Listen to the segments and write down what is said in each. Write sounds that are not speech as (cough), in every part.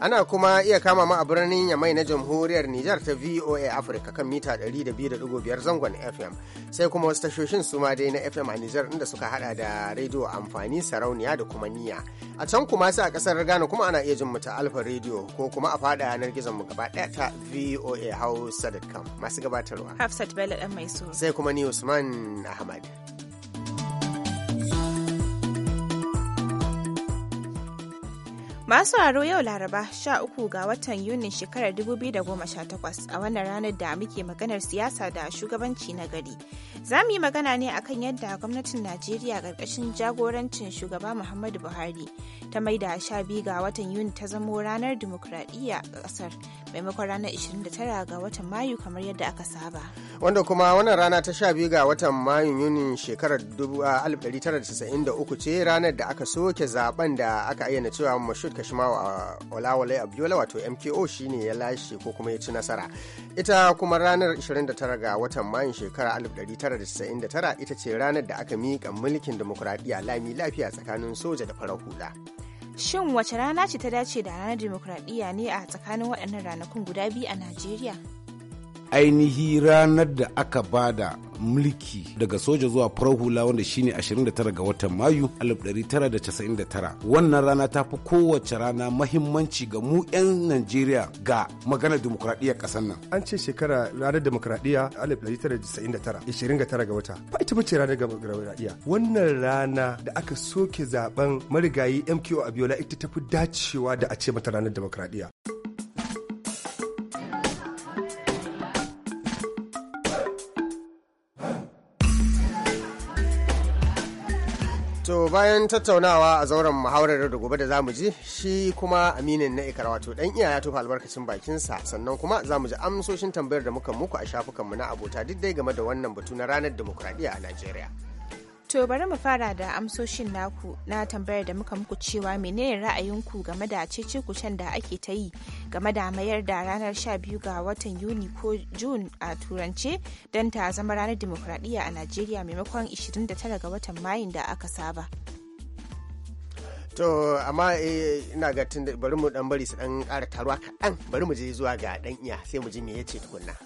Ana kuma iya kama mu a birnin Yamai na Jamhuriyar Nijar ta VOA Africa kan mita 200.5 zangon FM. Sai kuma wasu tashoshin su ma dai na FM a Nijar inda suka hada da rediyo amfani sarauniya da kuma niya. A can kuma sai a kasar Ghana kuma ana iya jin mu ta Alfa rediyo ko kuma a fada yanar gizon mu gaba daya ta VOA Hausa.com masu gabatarwa. Hafsat Bello mai Sai kuma ni Usman Ahmad. Masu aro yau Laraba 13 ga watan Yunin shekarar 2018 a wannan ranar da muke maganar siyasa da shugabanci na gari. Za mu yi magana ne akan yadda gwamnatin Najeriya ƙarƙashin jagorancin shugaba Muhammadu Buhari ta maida sha biyu ga watan yuni ta zamo ranar dimokuraɗiyya a ƙasar maimakon ranar 29 ga watan mayu kamar yadda aka saba wanda kuma wannan rana ta 12 ga watan mayu yuni shekarar 1993 ce ranar da aka soke zaben da aka ayyana cewa mashud kashimawa a olawale abiola wato mko shine ya lashe ko kuma ya ci nasara ita kuma ranar 29 ga watan mayu shekarar 1999 ita ce ranar da aka miƙa mulkin demokuraɗiyya lami lafiya tsakanin soja da farar hula. Shin wace rana ce ta dace da ranar demokradiyya ne a tsakanin waɗannan ranakun guda biyu a Najeriya? ainihi ranar da aka bada mulki daga soja zuwa farar hula wanda shine 29 ga watan mayu 1999 wannan rana ta fi kowace rana mahimmanci ga mu 'yan najeriya ga maganar demokuraɗiyyar ƙasar nan an ce shekara ranar demokuraɗiyya 1999 29 ga wata fa ita bace ranar demokuraɗiyya wannan rana da aka soke zaben marigayi mko abiola ita ta fi dacewa da a ce mata ranar demokuraɗiyya To bayan tattaunawa a zauren muhawarar da gobe da zamu ji shi kuma aminin na ikara wato dan iya ya tofa albarkacin bakinsa sannan kuma zamu ji amsoshin tambayar da muka muku a shafukanmu na abota duk dai game da wannan batu na ranar demokradiyya a Najeriya. To bari mu fara da amsoshin naku na tambayar da muka muku cewa menene ra'ayinku game da cece kucen da ake ta yi game da mayar da ranar 12 ga watan Yuni ko June a turance don ta zama ranar dimokuraɗiyya a Najeriya maimakon 29 ga watan Mayun da aka saba. To amma eh, ina ga tun bari mu dan bari su dan kara taruwa kaɗan bari mu je zuwa ga ɗan iya sai mu ji me yace tukunna.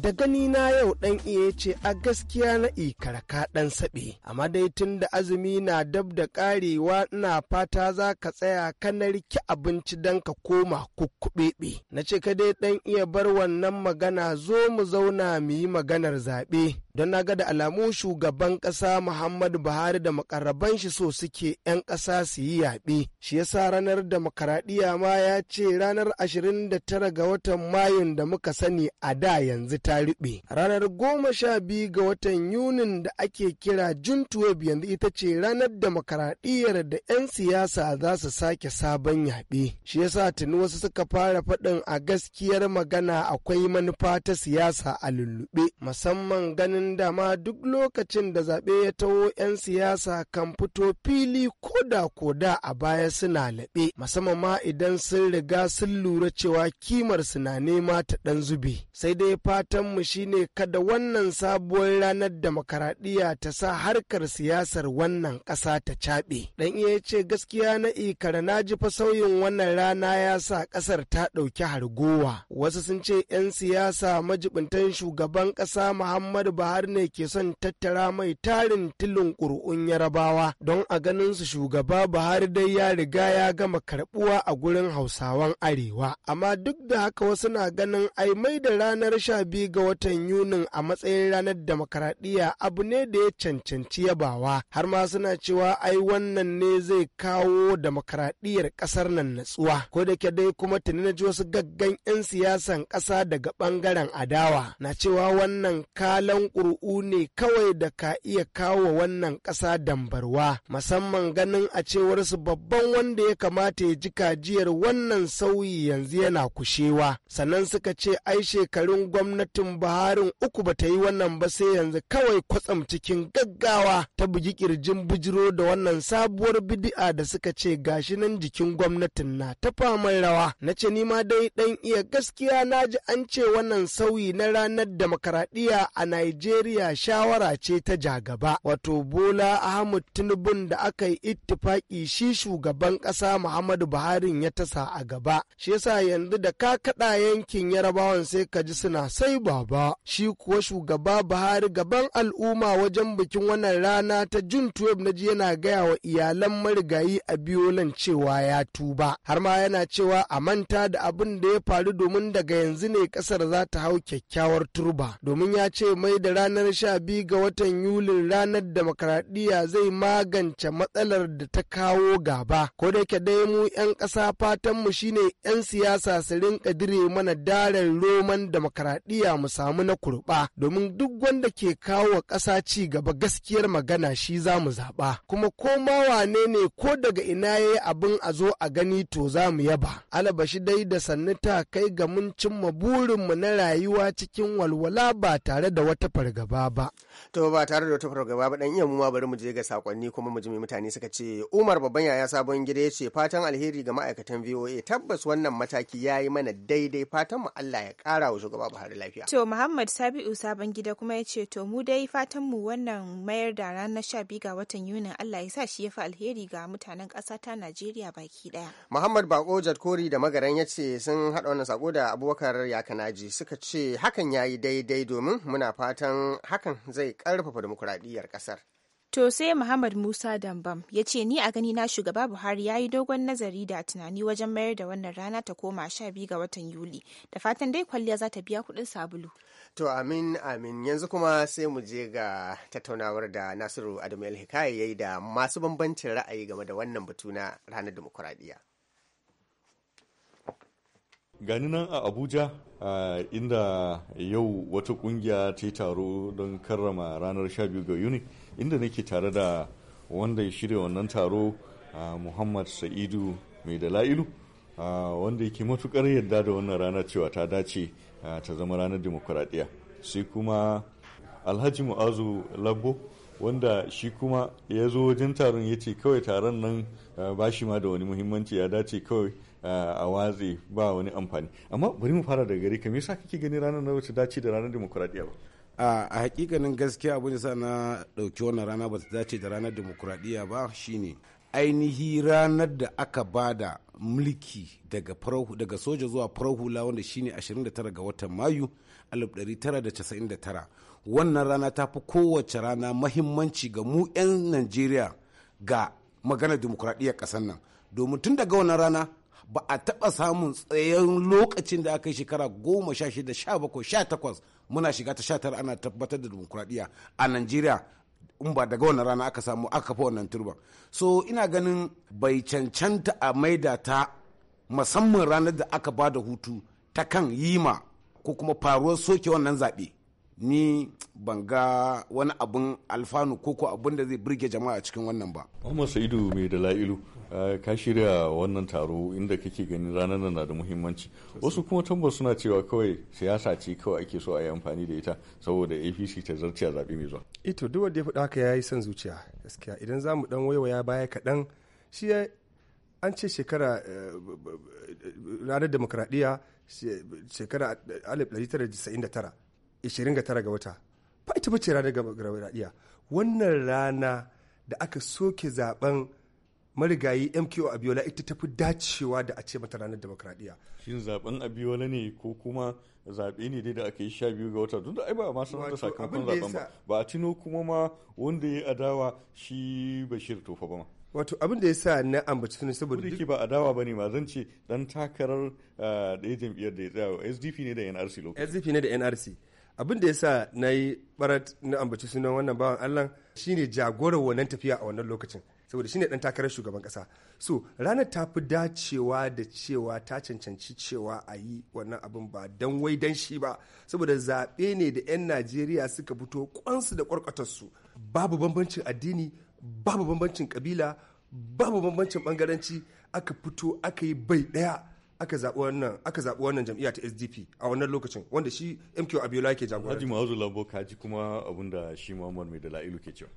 da gani na yau dan iya ce a gaskiya na ikarka dan saɓe amma dai tun da azumi na dab da karewa ina fata za ka tsaya ka narki abinci dan ka koma kukkuɓeɓe na ce ka dai dan iya bar wannan magana zo mu zauna mu yi maganar zaɓe don na ga da alamu shugaban ƙasa muhammadu buhari da makarraban shi so suke 'yan ƙasa su yi yaɓe shi yasa ranar demokaradiyya ma ya ce ranar 29 ga watan mayun da muka sani a da yanzu ta riɓe ranar 12 ga watan yunin da ake kira juntuweb yanzu ita ce ranar demokaradiyyar da 'yan siyasa za su sake sabon yaɓe shi yasa tuni wasu suka fara faɗin a gaskiyar magana akwai manufa ta siyasa a lullube musamman ganin dama duk lokacin da zaɓe ya taho 'yan siyasa kan fito fili koda koda a baya suna laɓe musamman ma idan sun riga sun lura cewa kimar suna nema ta ɗan zube sai dai fatan mu shine kada wannan sabuwar ranar demokaradiyya ta sa harkar siyasar wannan ƙasa ta caɓe dan iya ce gaskiya na ikara na ji fa sauyin wannan rana ya sa ƙasar ta ɗauki hargowa wasu sun ce 'yan siyasa majibintan shugaban ƙasa muhammadu buhari har ne ke son tattara mai tarin tilin ƙuri'un yarabawa don a ganin su shugaba buhari dai ya riga ya gama karɓuwa a gurin hausawan arewa amma duk da haka wasu na ganin ai mai da ranar sha biyu ga watan yunin a matsayin ranar demokaradiyya abu ne da ya cancanci yabawa har ma suna cewa ai wannan ne zai kawo demokaradiyyar ƙasar nan natsuwa ko da ke dai kuma tuni na ji wasu gaggan 'yan siyasan ƙasa daga ɓangaren adawa na cewa wannan kalan ƙuri'u ne kawai da ka iya kawo wannan ƙasa dambarwa musamman ganin a cewar su babban wanda ya kamata ya ji kajiyar wannan sauyi yanzu yana kushewa sannan suka ce ai shekarun gwamnatin buharin uku ba ta yi wannan ba sai yanzu kawai kwatsam cikin gaggawa ta bugi kirjin bujiro da wannan sabuwar bidi'a da suka ce gashi nan jikin gwamnatin na ta faman rawa na ce ni ma dai dan iya gaskiya na ji an ce wannan sauyi na ranar demokaradiyya a Nigeria. Najeriya shawara ce ta jagaba wato Bola ahmed Tinubun da aka yi ittifaki shi shugaban ƙasa Muhammadu Buhari ya tasa a gaba. Shi yasa yanzu da ka kaɗa yankin Yarabawan sai ka ji suna sai baba. Shi kuwa shugaba Buhari gaban al'umma wajen bikin wannan rana ta Jun 12 na ji yana gaya wa iyalan marigayi a biyolan cewa ya tuba. Har ma yana cewa a manta da abin da ya faru domin daga yanzu ne ƙasar za ta hau kyakkyawar turba. Domin ya ce mai da ranar 12 ga watan Yulin ranar demokaradiyya zai magance matsalar da ta kawo gaba. Ko da yake dai mu 'yan ƙasa mu shine 'yan siyasa su rinka dire mana darar roman demokaradiyya mu samu na kurba Domin duk wanda ke kawo ƙasa ci gaba gaskiyar magana shi za mu zaɓa. Kuma ko ma wane ne ko daga ina yayi abin a zo a gani to za mu yaba. shi dai da sannu ta kai ga mun cimma burinmu na rayuwa cikin walwala ba tare da wata fargaba ba. To ba tare da wata fargaba ba dan iya mu ma bari mu je ga sakonni kuma mu ji mutane suka ce Umar babban yaya sabon gida ya ce fatan alheri ga ma'aikatan VOA tabbas wannan mataki ya yi mana daidai fatan mu Allah ya kara wa shugaba Buhari lafiya. To Muhammad Sabiu sabon gida kuma yace to mu dai fatan mu wannan mayar da ranar sha 12 ga watan yuni Allah ya sa shi ya fi alheri ga mutanen ƙasa ta Najeriya baki daya. Muhammad Bako Jadkori da Magaran ya sun haɗa wannan sako da Abubakar Yakanaji suka ce hakan ya yi daidai domin muna fatan don hakan zai karfafa demokuraɗiyyar ƙasar. To sai Muhammad Musa Dambam ya ce ni a gani na shugaba Buhari ya yi dogon nazari da tunani wajen mayar da wannan rana ta koma sha biyu ga watan Yuli da fatan dai kwalliya za ta biya kuɗin sabulu. To amin amin yanzu kuma sai mu je ga tattaunawar da Nasiru Adamu Hikaya ya yi da masu bambancin ra'ayi game da wannan batu na ranar dimokuraɗiyya. gani nan a abuja inda yau wata kungiya ta yi taro don karrama ranar 12 ga yuni inda nake tare da wanda ya shirya wannan taro muhammad sa'idu mai dala'ilu la'ilu wanda yake matukar yadda da wannan ranar cewa ta dace ta zama ranar demokuraɗiyya sai kuma alhaji mu'azu labo wanda shi kuma ya zo wajen taron ya ce kawai taron nan ba shi ma da wani muhimmanci ya dace kawai a waze ba wani amfani amma bari mu fara daga gari ka me yasa kake gani ranar na wace dace da ranar demokuraɗiyya ba a hakikanin gaskiya abin da sa na ɗauki wannan rana ba ta dace da ranar demokuraɗiyya ba shine ainihi ranar da aka bada mulki daga daga soja zuwa farahu hula wanda shine 29 ga watan mayu 1999 wannan rana ta fi kowace rana mahimmanci ga mu 'yan najeriya ga maganar demokuraɗiyyar ƙasar nan domin tun daga wannan rana ba a taɓa samun tsayen lokacin da aka yi shekara goma sha shida sha bakwai sha takwas muna shiga ta sha tara ana tabbatar da demokuraɗiyya a najeriya in ba daga wannan rana aka samu aka fi wannan turban so ina ganin bai cancanta a maida ta musamman ranar da aka ba da hutu ta kan yima ma ko kuma faruwar soke wannan zaɓe ni ban ga wani abun alfanu ko ko abin da zai burge jama'a cikin wannan ba. Muhammad Sa'idu mai da la'ilu ka shirya wannan taro inda kake ganin ranar nan na da muhimmanci. Wasu kuma tambar suna cewa kawai siyasa ce kawai ake so a yi amfani da ita saboda APC ta zarce a zaɓe mai zuwa. Ito eh duk wanda ya faɗa haka ya yi son zuciya gaskiya idan zamu dan ɗan waiwaya baya kaɗan shi an ce shekara eh, ranar demokradiyya shekara 1999 29 ga wata fa ita bace ranar gabaɗaɗiya wannan rana da aka soke zaben marigayi mko abiola ita ta fi dacewa da a ce mata ranar demokradiyya shin zaben abiola ne ko kuma zaɓe ne dai da aka yi sha biyu ga wata tunda ai ba a masu da sakamakon zaben ba ba a tuno kuma ma wanda ya adawa shi bashir tofa ba ma wato abin da ya sa na ambaci sunan saboda duk ba adawa bane ma zan ce dan takarar da eh, ya jam'iyyar da ya tsaya SDP ne da NRC lokacin SDP ne da NRC abin da ya sa na yi barat na ambaci sunan wannan bawan allah shi ne jagorar wannan tafiya a wannan lokacin saboda shi ne dan takarar shugaban kasa so ranar ta fi dacewa da cewa ta cancanci cewa a yi wannan abin ba dan wai dan shi ba saboda zaɓe ne da 'yan najeriya suka fito kwansu da kwarkwatarsu babu bambancin addini babu bambancin kabila babu bambancin bangaranci aka fito aka yi bai ɗaya aka zaɓi wannan aka zaɓi wannan jam'iyya ta SDP a wannan lokacin wanda shi MQ Abiola yake jagoranta. Haji Muhammadu Labo ka ji kuma abin da shi Muhammad Mai Dala'ilu ke cewa.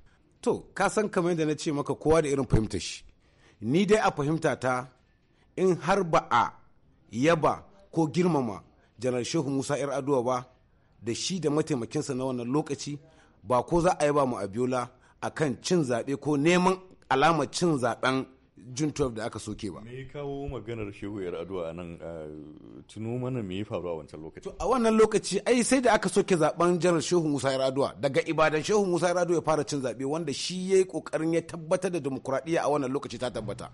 To ka san kamar da na ce maka kowa da irin fahimtar shi. Ni dai a fahimta ta in har ba a yaba ko girmama janar Shehu Musa yar Aduwa ba da shi da mataimakinsa na wannan lokaci ba ko za a yaba mu Abiola akan cin zaɓe ko neman alamar cin zaɓen jun tuwaf da aka soke ba me kawo maganar shehu yar a nan tunu mana me ya faru a wancan lokaci to a wannan lokaci ai sai da aka soke zaben janar shehu musa yar daga ibadan shehu musa yar ya fara cin zabe wanda shi yayi kokarin ya tabbatar da demokradiyya a wannan lokaci ta tabbata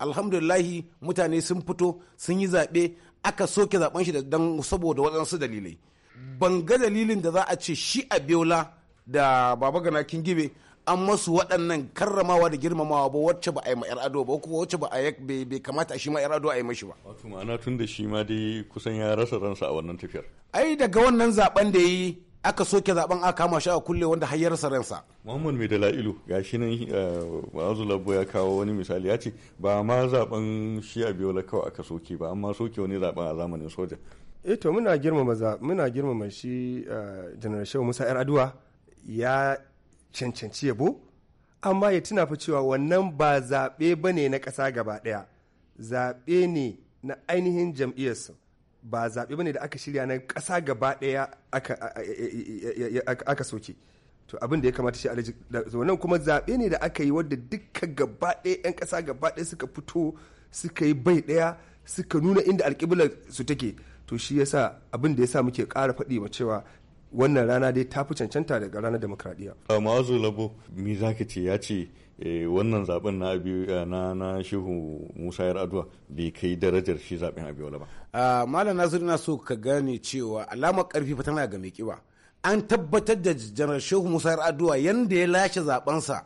alhamdulillahi mutane sun fito sun yi zaɓe aka soke zaben shi da dan saboda waɗansu dalilai ban ga dalilin da za a ce shi a beola da baba gana gibe. an masu waɗannan karramawa da girmamawa ba wacce ba a yi ma ado ba kuma wacce ba a bai kamata a shi ma 'yar ado a yi mashi ba. Wato ma'ana tun da shi ma dai kusan ya rasa ransa a wannan tafiyar. Ai daga wannan zaben da ya yi aka soke zaben aka kama shi a kulle wanda har ya rasa ransa. Muhammad Mai Dala'ilu ga shi nan eh, Ma'azu Labo ya kawo wani misali ya ce ba ma zaben shi a la kawai aka soke ba amma soke wani zaben a zamanin soja. Eh to muna girmama muna girmama shi Janar eh, Shehu Musa 'yar Aduwa ya cancanci yabo amma ya tuna fa cewa wannan ba zaɓe ba ne na ƙasa gaba ɗaya zaɓe ne na ainihin jam'iyyarsu ba zaɓe ba ne da aka shirya na ƙasa gaba ɗaya aka soke to abin da ya kamata shi da wannan kuma zaɓe ne da aka yi wadda duka gaba ɗaya 'yan ƙasa gaba ɗaya suka fito suka yi bai ɗaya suka nuna inda alƙiblar su take to shi yasa abin da ya sa muke ƙara faɗi ma cewa wannan rana dai ta fi cancanta daga ranar demokradiyya. ma'azu labo mi za ka ce ya ce eh, wannan zaben na eh, na na shehu musa yar aduwa bai kai darajar shi zaben abiola ba. malam nasiru na so ka gane cewa alamar karfi fa tana ga mai kiba an tabbatar da janar shehu musa yar aduwa yanda ya lashe zabensa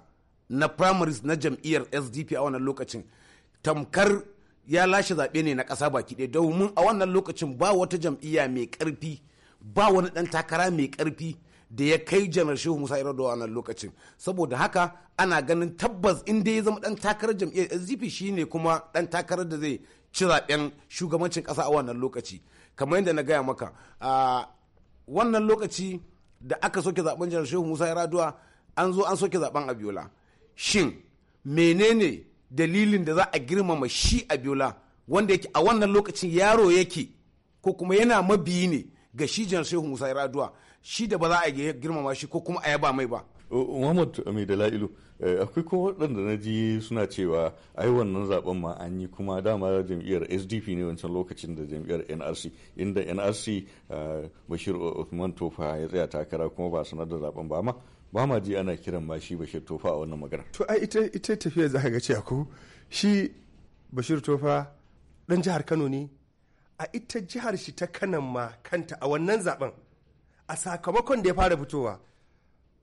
na primaries na jam'iyyar sdp a wannan lokacin tamkar ya lashe zaɓe ne na ƙasa baki ɗaya domin a wannan lokacin ba wata jam'iyya mai karfi. ba wani ɗan takara mai karfi da ya kai janar shehu musa iradowa a nan lokacin saboda haka ana ganin tabbas in dai ya zama ɗan takarar jam'iyyar sdp shine kuma ɗan takarar da zai ci zaɓen shugabancin kasa a wannan lokaci kamar yadda na gaya maka a wannan lokaci da aka soke zaɓen janar shehu musa iradowa an zo an soke zaɓen abiola shin menene dalilin da za a girmama shi abiola wanda yake a wannan lokacin yaro yake ko kuma yana mabiyi ne ga shi janar shehu musa ya raduwa shi da ba za a girmama shi ko kuma a yaba mai ba muhammad mai da la'ilu eh, akwai kuma waɗanda na ji suna cewa ai wannan zaben ma an yi kuma dama jam'iyyar sdp ne wancan lokacin da jam'iyyar nrc inda nrc eh, bashir usman tofa ya tsaya takara kuma ba sanar da zaben ba ma ba ma ji ana kiran ma shi bashir tofa a wannan magana to ai ita ita tafiyar za ka ga cewa ko shi bashir tofa dan jihar kano ne a ita jihar shi ta kanan ma kanta a wannan zaben a sakamakon da ya fara fitowa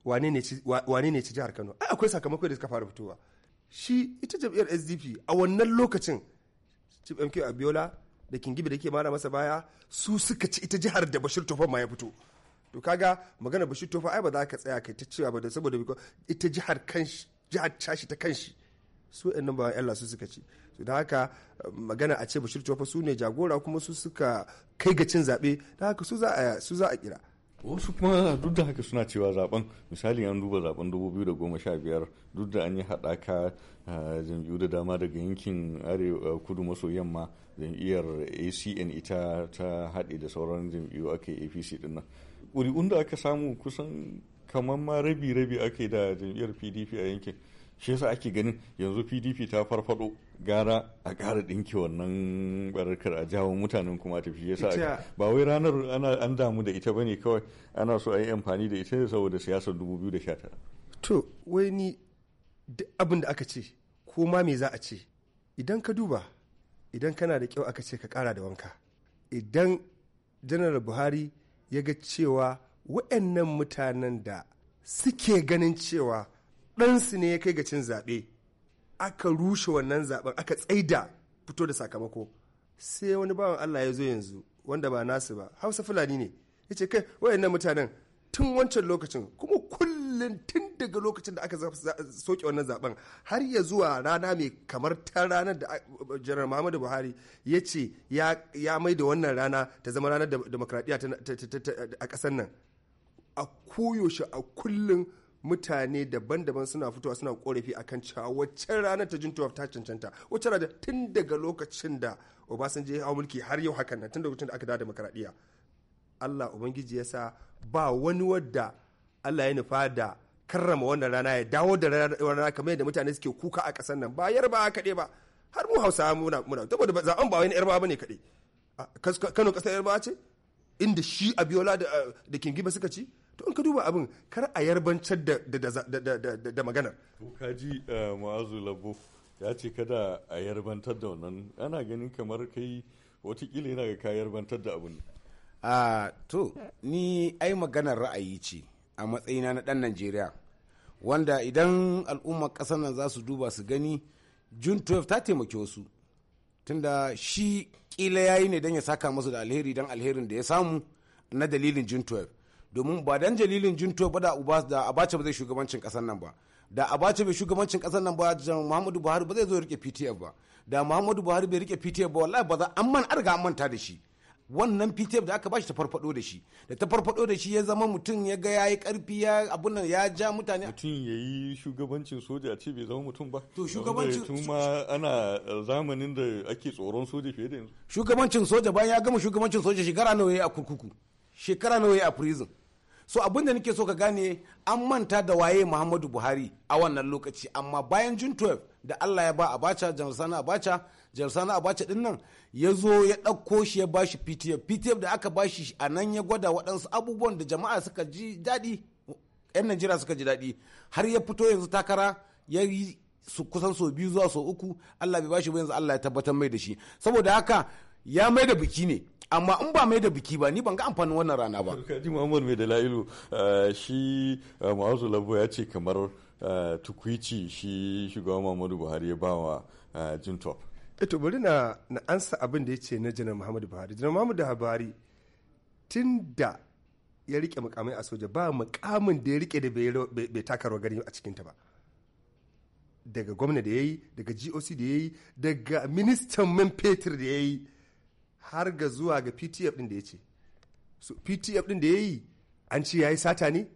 wane ne ci jihar kano ai akwai sakamakon da suka fara fitowa shi ita jam'iyyar sdp a wannan lokacin chief mk abiola da kingibi da ke mara masa baya su suka ci ita jihar da bashir Tofa ma ya fito to kaga magana bashir Tofa, ai ba za ka tsaya kai ta cewa ba da saboda ita jihar kanshi jihar tashi ta kanshi su ɗan nan ba Allah su suka ci da haka magana a ce bashir cewa su ne jagora kuma su suka kai ga cin zaɓe da haka su za a kira wasu kuma duk da haka suna cewa zaben misali an duba zaben 2015 duk da an yi haɗaka jam'iyyu da dama daga yankin arewa kudu maso yamma jam'iyyar acn ita ta haɗe da sauran jam'iyyu aka apc ɗin nan ƙuri'un da aka samu kusan kamar ma rabi-rabi ake da jam'iyyar pdp a yankin shi yasa ake ganin yanzu pdp ta farfado gara a ƙara ɗinki wannan barakar a jawo mutanen kuma tafi yasa ba wai ranar an damu da ita bane kawai ana so a yi amfani da ita saboda siyasar 2019 to wai ni abin da aka ce ko ma me za a ce idan ka duba idan kana da kyau aka ce ka ƙara da wanka idan janar buhari ya ga cewa waɗannan mutanen da suke ganin cewa ɗansu ne ya kai ga cin zaɓe aka rushe wannan zaɓen aka tsaida fito da sakamako sai wani bawan allah ya zo yanzu wanda ba nasu ba hausa fulani ne ya ce kai wayannan mutanen tun wancan lokacin kuma kullum tun daga lokacin da aka soke wannan zaben har ya zuwa rana mai kamar ta ranar da janar muhammadu buhari ya ce ya mai da wannan rana ta zama ranar demokradiyya a ƙasar nan a koyaushe a kullum mutane daban-daban suna fitowa suna korafi akan cewa wacce ranar ta juntuwa ta cancanta wacce ranar tun daga lokacin da obasanjo ya hau mulki har yau hakan nan tun da lokacin da aka da demokradiyya allah ubangiji ya sa ba wani wadda allah ya nufa da karrama wannan rana ya dawo da rana kamar yadda mutane suke kuka a ƙasar nan ba yarba kaɗai ba har mu hausawa muna muna saboda zaɓen ba wani yarba bane kaɗai kano ƙasar yarba ce inda shi abiola da ba suka ci to in ka duba abin kar a yarbancar da da maganar to kaji eh, ma'azu labo ya ce kada a yarbantar da wannan ana ganin kamar kai watakila yana ga ka yarbantar da abin a ah, to ni ai maganar ra'ayi ce a matsayina na dan Najeriya wanda idan al'ummar ƙasar nan za su duba su gani june 12 ta taimaki wasu tunda shi kila yayi ne don ya saka masu da alheri don alherin da ya samu na dalilin june 12 domin ba dan jalilin junto ba da uba da abacha ba zai shugabancin kasar nan ba da abacha bai shugabancin kasar nan ba jan muhammadu buhari ba zai zo rike ptf ba da muhammadu buhari bai rike ptf ba wallahi ba za an man an riga an manta da shi wannan ptf da aka bashi ta farfado da shi da ta farfado da shi ya zama mutum ya ga yayi karfi ya abun nan ya ja mutane mutum ya yi shugabancin soja ce bai zama mutum ba to shugabancin mutum ma ana zamanin da ake tsoron soja fiye da yanzu shugabancin soja bayan ya gama shugabancin soja shekara nawa yayi a kurkuku shekara nawa yayi a prison so abin da nake so ka gane an manta da waye muhammadu buhari a wannan lokaci amma bayan june 12 da allah ya ba abacha jamusana abacha jamusana abacha din nan ya zo ya ɗauko shi ya bashi ptf ptf da aka bashi a nan ya gwada waɗansu abubuwan da jama'a suka ji daɗi 'yan najeriya suka ji daɗi har ya fito yanzu takara ya yi su kusan sau biyu zuwa sau uku allah bai bashi ba yanzu allah ya tabbatar mai da shi saboda haka ya mai da biki ne amma in ba mai da biki ba ni ban ga amfani wannan rana ba (laughs) kaji muhammad mai dalailu eh, shi eh, ma'azu labo ya ce kamar eh, tukwici shi shugaban muhammadu buhari ya bawa jintop eto bari na na ansa abin da ya ce na janar muhammadu buhari janar muhammadu buhari tun da ya rike mukamai a soja ba mukamin da ya rike da bai takarwa gari a cikinta ba daga gwamna da ya yi daga goc da ya yi daga ministan man fetur da ya yi har ga zuwa ga ptf din da ya ce so ptf din da ya yi an ce ya yi sata ne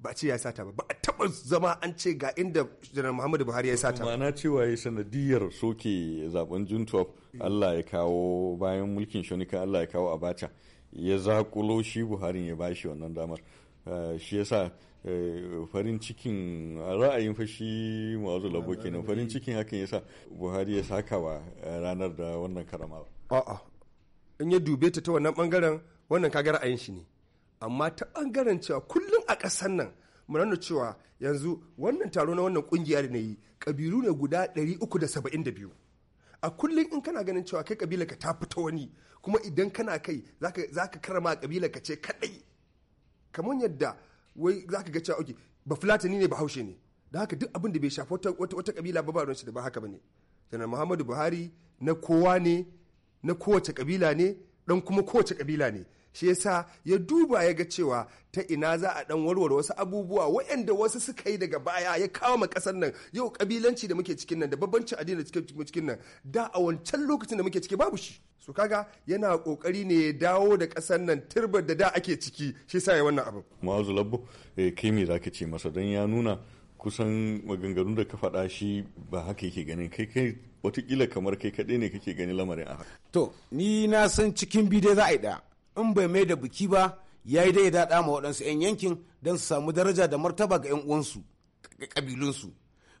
ba ce ya yi sata ba ba a taba zama an ce ga inda janar muhammadu buhari ya yi sata ma'ana cewa ya sanadiyar soke zaben 12 allah ya kawo bayan mulkin shonika allah ya kawo abacha ya zakulo shi buhari ya bashi wannan damar eh, shi yasa eh, farin cikin ra'ayin fashi ma'azu labo kenan farin cikin hakan yasa buhari ya saka wa eh, ranar da wannan karamawa a'a in ya dube ta ta wannan bangaren wannan kaga ra'ayin shi ne amma ta bangaren cewa kullum a ƙasar nan mu nuna cewa yanzu wannan taro na wannan kungiya da na yi kabilu ne guda 372 a kullum in kana ganin cewa kai kabila ka ta fita wani kuma idan kana kai za ka karama kabila ka ce kadai kamar yadda wai za ga cewa oke ba fulatani ne ba haushe ne da haka duk abin da bai shafi wata kabila ba ba shi da ba haka ba ne janar muhammadu buhari na kowa ne na kowace kabila ne dan kuma kowace kabila ne shi yasa ya duba ya ga cewa ta ina za a dan warware wasu abubuwa waɗanda wasu suka yi daga baya ya kawo ma ƙasar nan yau kabilanci da muke cikin nan da babbancin addini da cikin nan da a wancan lokacin da muke ciki babu shi suka kaga yana kokari ne ya dawo da ƙasar nan turbar da da ake ciki shi yasa ya wannan abu ma'azu labbo eh, kai me zaka ce masa dan ya nuna kusan maganganun da ka faɗa shi ba haka yake ganin kai kai watakila kamar kai kaɗai ne kake gani lamarin a haka. To, ni na san cikin bidai za a yi ɗaya, in bai mai da biki ba ya yi dai daɗa ma waɗansu 'yan yankin don su samu daraja da martaba ga 'yan uwansu, ƙabilunsu.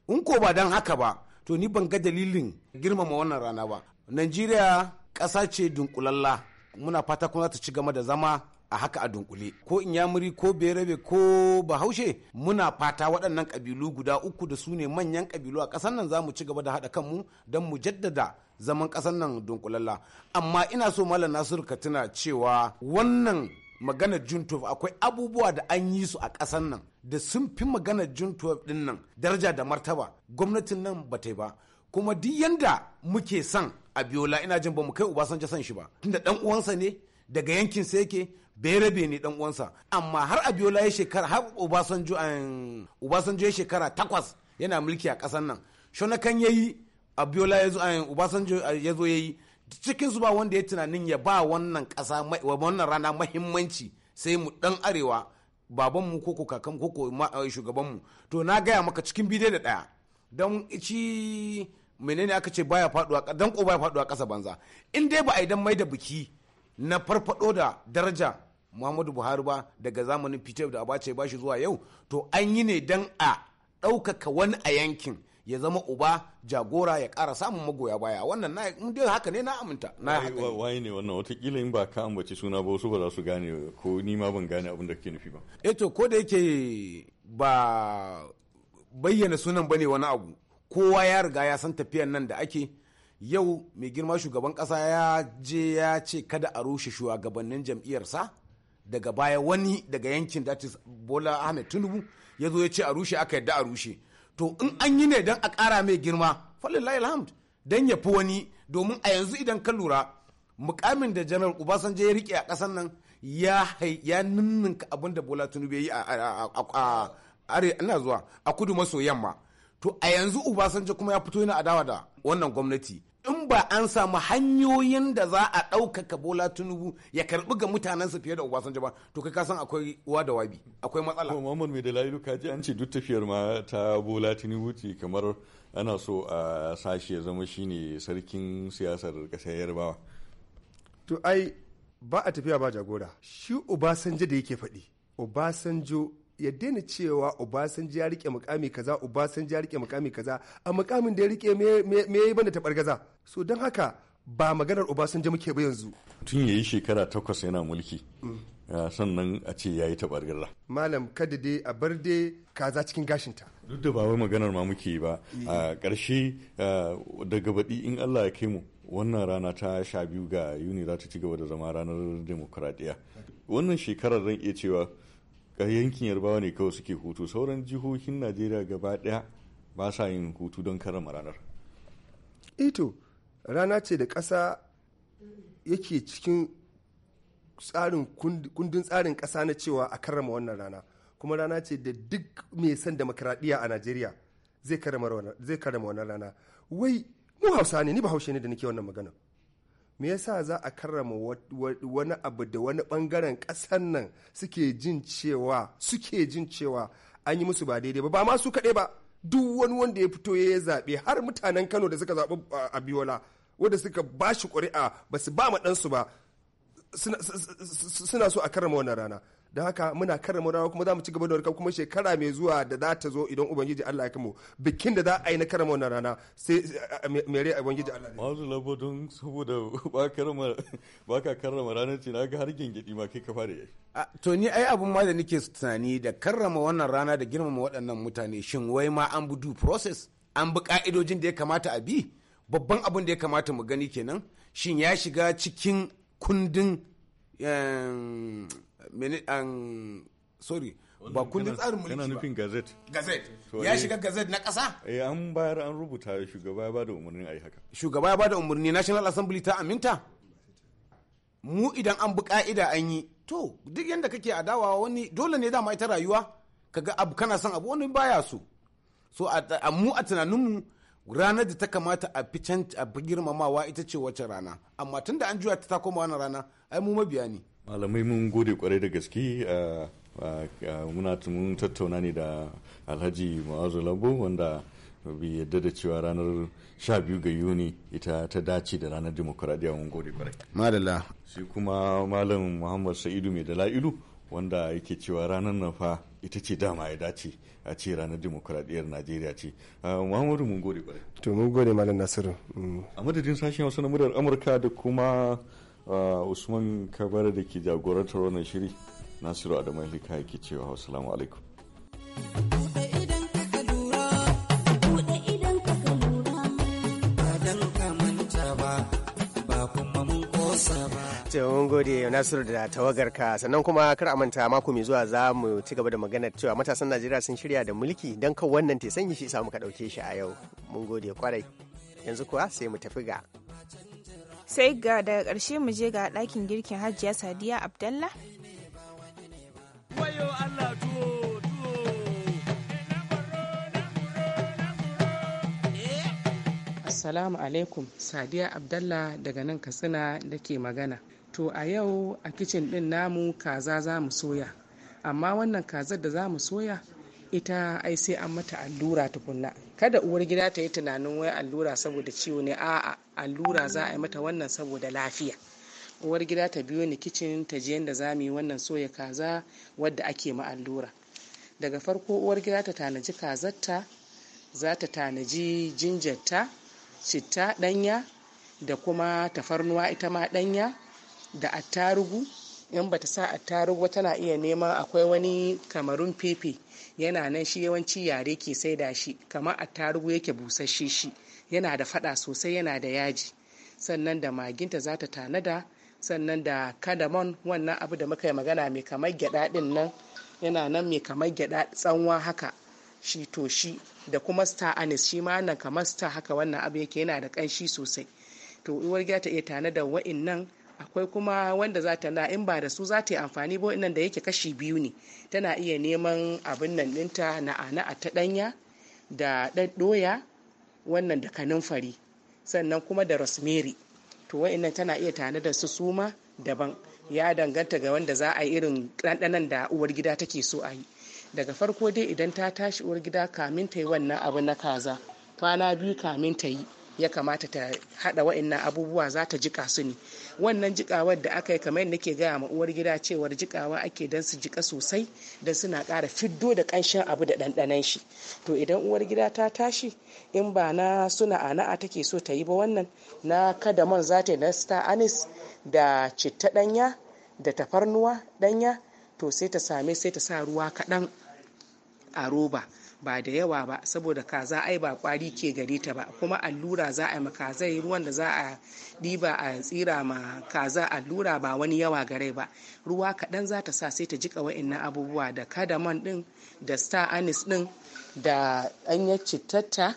In ko ba don haka ba, to ni ban ga dalilin girmama wannan rana ba. Najeriya ƙasa ce dunkulalla, muna fata kuma ta ci gama da zama a haka a dunkule ko inyamuri ko berebe ko bahaushe muna fata waɗannan ƙabilu guda uku da su ne manyan ƙabilu a ƙasar nan za mu ci gaba da haɗa kanmu don mu jaddada zaman ƙasar nan dunkulalla amma ina so malam nasiru ka tuna cewa wannan maganar juntof akwai abubuwa da an yi su a ƙasar nan da sun fi maganar juntof ɗin nan daraja da martaba gwamnatin nan ba ta yi ba kuma duk yanda muke son abiola ina jin ba mu kai san son shi ba tunda dan uwansa ne daga yankin sa yake bere ne dan uwansa amma har abiola ya shekara har obasanjo um, ya shekara takwas yana mulki a kasan nan shonakan yayi abiola ya zo um, obasanjo uh, ya zo yayi cikin su ba wanda ya tunanin ya ba wannan kasa wannan rana mahimmanci sai mu dan arewa babanmu ko ko kakan koko shugaban uh, shugabanmu to na gaya maka cikin bidiyo da daya don ci menene aka ce baya faduwa dan ko baya faduwa kasa banza in dai ba a idan mai da biki na farfado da daraja muhammadu buhari ba daga zamanin peter da Abacha ba shi zuwa yau to an yi ne dan a ɗaukaka wani a yankin ya zama uba jagora ya ƙara samun magoya baya wannan na dai haka ne na aminta na haka wai ne wannan watakila in ba ka ambaci suna ba wasu ba za su gane ko ni ma ban gane abin da kake nufi ba eh to ko da yake ba bayyana sunan bane wani abu kowa ya riga ya san tafiyan nan da ake yau mai girma shugaban ƙasa ya je ya ce kada a rushe shugabannin jam'iyyarsa daga baya wani daga yankin that is bola ahmed tinubu ya zo ya ce a rushe aka yadda a rushe to in an yi ne don a kara mai girma falillahi alhamd don ya fi wani domin a yanzu idan ka lura mukamin da janar obasanjo ya rike a kasan nan ya ya ninninka abin da bola tinubu ya yi a zuwa a kudu maso yamma to a yanzu obasanjo kuma ya fito yana adawa da wannan gwamnati in ba an samu hanyoyin da za a ɗaukaka bola tinubu ya karɓi ga mutanensa fiye da obasanjo ba to kai kasan akwai wa da wabi akwai matsala ko muhammad mai dalilu kaji an ce duk tafiyar ma ta bola tinubu ce kamar ana so a sashi ya zama shine sarkin siyasar ƙasar yarbawa to ai ba a tafiya ba jagora shi obasanjo da yake faɗi obasanjo ya daina cewa obasanji ya rike mukami kaza obasanji ya rike mukami kaza a mukamin da ya rike me yayi banda tabargaza so don haka ba maganar obasanji muke ba yanzu tun yayi shekara takwas yana mulki mm. sannan a ce yayi tabargaza malam kada dai a bar dai kaza cikin gashinta duk da ba wai maganar ma muke ba eh. a karshe daga baɗi in Allah ya kai mu wannan rana ta sha biyu ga yuni za ta ci gaba da zama ranar demokuraɗiyya wannan shekarar zan iya cewa yankin yarbawa ne kawai suke hutu sauran jihohin najeriya gaba daya ba sa yin hutu don karama ranar ito rana ce da ƙasa yake cikin tsarin kundin tsarin ƙasa na cewa a karrama wannan rana kuma rana ce da duk mai son demokradiyya a najeriya zai karrama wannan rana wai mu hausa ne ni ba haushe ne da nake wannan magana me yasa za a karrama wani abu da wani bangaren ƙasar nan suke jin cewa suke jin cewa an yi musu ba daidai ba ba ma su kaɗai ba duk wani wanda ya fito ya yi zaɓe har mutanen kano da suka zaɓi abiola wanda suka ba shi ƙuri'a ba su ba ma ɗansu ba suna so a karrama wannan rana don haka muna karrama rana kuma za mu ci gaba da warkar kuma shekara mai zuwa da za ta zo idan ubangiji Allah ya kamo bikin da za a yi na karrama wannan rana sai mere ubangiji Allah ya kamo. labo don saboda ba karrama ba ka karrama ranar ce na ga har gingidi ma kai ka fara yi to ni ai abun ma da nake tunani da karrama wannan rana da girmama waɗannan mutane shin wai ma an bi due process an bi ka'idojin da ya kamata a bi babban abin da ya kamata mu gani kenan shin ya shiga cikin kundin eh, eh, sorry ba kundin tsarin mulki ba yana nufin gazette gazette ya eh. shiga gazette na kasa eh an bayar an rubuta shugaba ya bada umarni yi haka shugaba ya bada umarni national assembly ta aminta mu idan an bi ka'ida an yi to duk yadda kake adawa wani dole ne dama ita rayuwa kaga abu kana son abu wani baya so so a mu a tunaninmu ranar da ta kamata a fi a girmamawa ita ce wace rana amma tunda an juya ta ta koma wani rana ai mu mabiya ne malamai mun gode kwarai da gaske muna mun tattauna ne da alhaji ma'azu labo wanda bi yadda da cewa ranar 12 ga yuni ita ta dace da ranar demokuraɗiyya mun gode kwarai madala shi kuma malam muhammad sa'idu mai dala'ilu wanda yake cewa ranar nan fa ita ce dama ya dace a ce ranar demokuraɗiyyar najeriya ce ah, muhammadu mun gode ba to mun gode malam nasiru mm. a madadin sashen wasu na muryar amurka da kuma ah, usman kabara da ke jagorantar wannan shiri nasiru adamu halika yake cewa wasu alaikum mun gode Nasiru da tawagar ka sannan kuma kar manta mako mai zuwa za mu ci gaba da maganar cewa matasan Najeriya sun shirya da mulki don kan wannan te sanyi shi sa muka ɗauke shi a yau. Mun gode kwarai. Yanzu kuwa sai mu tafi ga. Sai ga daga ƙarshe mu je ga ɗakin girkin Hajiya Sadiya Abdalla. Assalamu alaikum Sadiya Abdalla daga nan Katsina da ke magana. to a yau a kicin ɗin namu kaza za mu soya amma wannan kazar da za mu soya ita ai sai an mata allura tukunna kada uwar gida ta yi tunanin wai allura saboda ciwo ne a'a allura za a yi mata wannan saboda lafiya uwar gida ta biyo ni kicin ta je yadda za mu yi wannan soya kaza wadda ake ma allura daga farko uwar gida ta tanaji kazarta za ta tanaji jinjarta citta ɗanya da kuma tafarnuwa ita ma ɗanya da attarugu in bata sa attarugu tana iya neman akwai wani kamarun fefe yana nan shi yawanci yare ke saida shi kamar attarugu yake busasshe shi yana da fada sosai yana da yaji sannan da maginta za ta tanada sannan da kadamon wannan abu da muka yi magana mai kamar gyada din nan yana nan mai kamar gyada tsanwa haka shi to shi da kuma star anis shi ma nan kamar star haka wannan abu yake yana da kanshi sosai to uwar gida ta iya tanada nan. akwai kuma wanda za ta na in ba da su za ta yi amfani ba nan da yake kashi biyu ne tana iya neman abin nan ɗinta na ana ta ɗanya da ɗan doya wannan da kanunfari sannan kuma da rosemary to wa'annan tana iya tana da su suma daban ya danganta ga wanda za a yi irin ɗanɗanan da uwar gida take so a yi daga farko dai idan ta tashi uwar gida kamin ta yi wannan abu na kaza kwana biyu kamin ta yi ya kamata ta haɗa wa'annan abubuwa za ta jika su ne wannan jikawar da aka yi kamar yadda nake gaya ma uwar gida cewar jikawa ake don su jika sosai da suna ƙara fiddo da kanshin abu da ɗanɗanan shi to idan uwar gida ta tashi in ba na suna ana'a take so ta yi ba wannan na kada man za ta na star anis da citta ɗanya da tafarnuwa ɗanya to sai ta same sai ta sa ruwa kaɗan a roba ba da yawa ba saboda kaza ai ba kwari ke gare ta ba kuma allura za a yi ma yi ruwan da za a ɗiba a tsira ma kaza allura ba wani yawa gare ba ruwa kaɗan za ta sa sai ta jika wa'annan abubuwa da kadaman ɗin da star anis ɗin da ɗanyar cittatta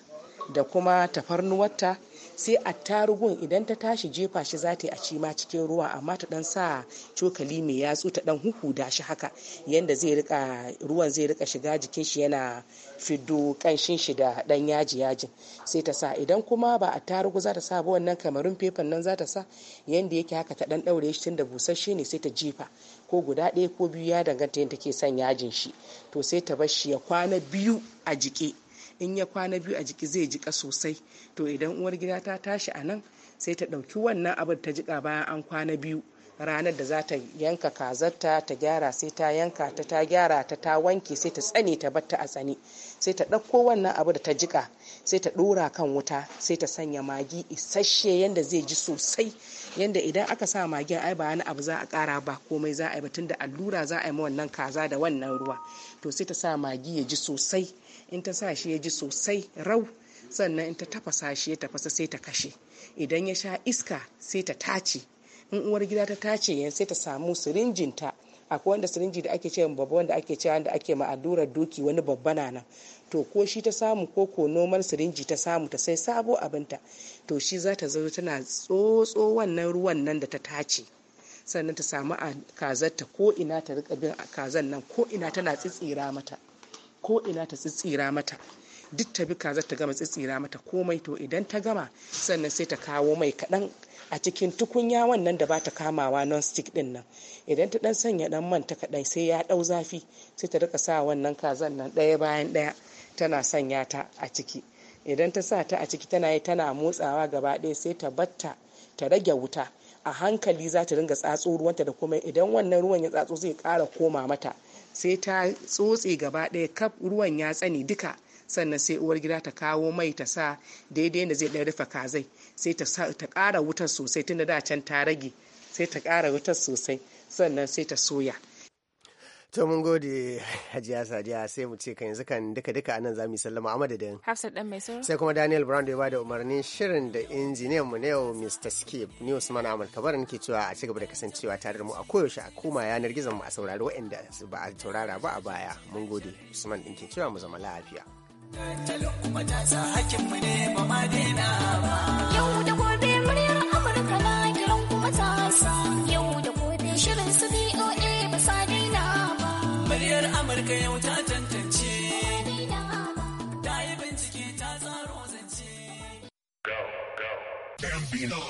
da kuma tafarnuwarta sai attarugun idan ta tashi jefa shi za ta yi a cima cikin ruwa amma ta dan sa cokali mai yatsu ta dan huhu da shi haka yanda zai rika ruwan zai rika shiga jikin shi yana fiddo kanshin shi da dan yaji yajin sai ta sa idan kuma ba attarugu za ta sa ba wannan kamarun fefan nan za ta sa yanda yake haka ta dan daure shi tunda busasshe ne sai ta jefa ko guda ɗaya ko biyu ya danganta yadda take son yajin shi to sai ta bar shi ya kwana biyu a jike in ya kwana biyu a jiki zai jika sosai to idan uwar gida ta tashi a nan sai ta ɗauki wannan abin ta jika bayan an kwana biyu ranar da za ta yanka kazarta ta gyara sai ta yanka ta ta gyara ta ta wanke sai ta tsane ta batta a tsane sai ta ɗauko wannan abu da ta jika sai ta ɗora kan wuta sai ta sanya magi isasshe yanda zai ji sosai yanda idan aka sa magi ai ba wani abu za a ƙara ba komai za a yi ba da allura za a yi ma wannan kaza da wannan ruwa to sai ta sa magi ya ji sosai in ta sa shi ya ji sosai rau sannan in ta tafasa shi ya tafasa sai ta kashe idan ya sha iska sai ta tace in uwar gida ta tace yan sai ta samu sirinjinta akwai wanda sirinji da ake cewa babba wanda ake cewa wanda ake ma allurar doki wani babba na nan to ko shi ta samu ko ko noman sirinji ta samu ta sai sabo abinta to shi za ta zo tana tsotso wannan ruwan nan da ta tace sannan ta samu a kazarta ko ina ta rika bin a kazan nan ko ina tana tsitsira mata ko ina ta tsitsira mata duk ta bi kazar ta gama tsitsira mata komai to idan ta gama sannan sai ta kawo mai kaɗan a cikin tukunya wannan da ba ta kamawa non stick din nan idan ta dan sanya dan man ta kaɗai sai ya ɗau zafi sai ta rika sa wannan kazan nan ɗaya bayan ɗaya tana sanya ta a ciki idan ta sa ta a ciki tana yi tana motsawa gaba ɗaya sai ta batta ta rage wuta a hankali za ta dinga tsatso ruwanta da kuma idan wannan ruwan ya tsatso zai kara koma mata sai ta tsotse gaba ɗaya kaf ruwan ya tsane duka sannan sai uwar gida ta kawo mai ta sa daidai da zai ɗan rufe kazai sai ta ta ƙara wutar sosai tunda da can ta rage sai ta kara wutar sosai sannan sai ta soya To mun gode Hajiya Sadiya sai mu ce kan yanzu kan duka duka anan yi sallama a madadin. Hafsat dan mai Sai kuma Daniel Brown da ya bada umarnin shirin da injiniyan mu na yau Mr. Skip ni Usman Ahmad Kabar nake cewa a cigaba da kasancewa tare da mu a koyaushe a koma yanar gizon mu a saurari waɗanda ba a taurara ba a baya. Mun gode Usman din ke cewa mu zama lafiya. hakin mu ne ma daina ba. Yau da gobe muryar Amurka na kiran kuma ta sa yau da gobe shirin su Amurka yau ta tantance. Ta yi bincike ta tsaro zance.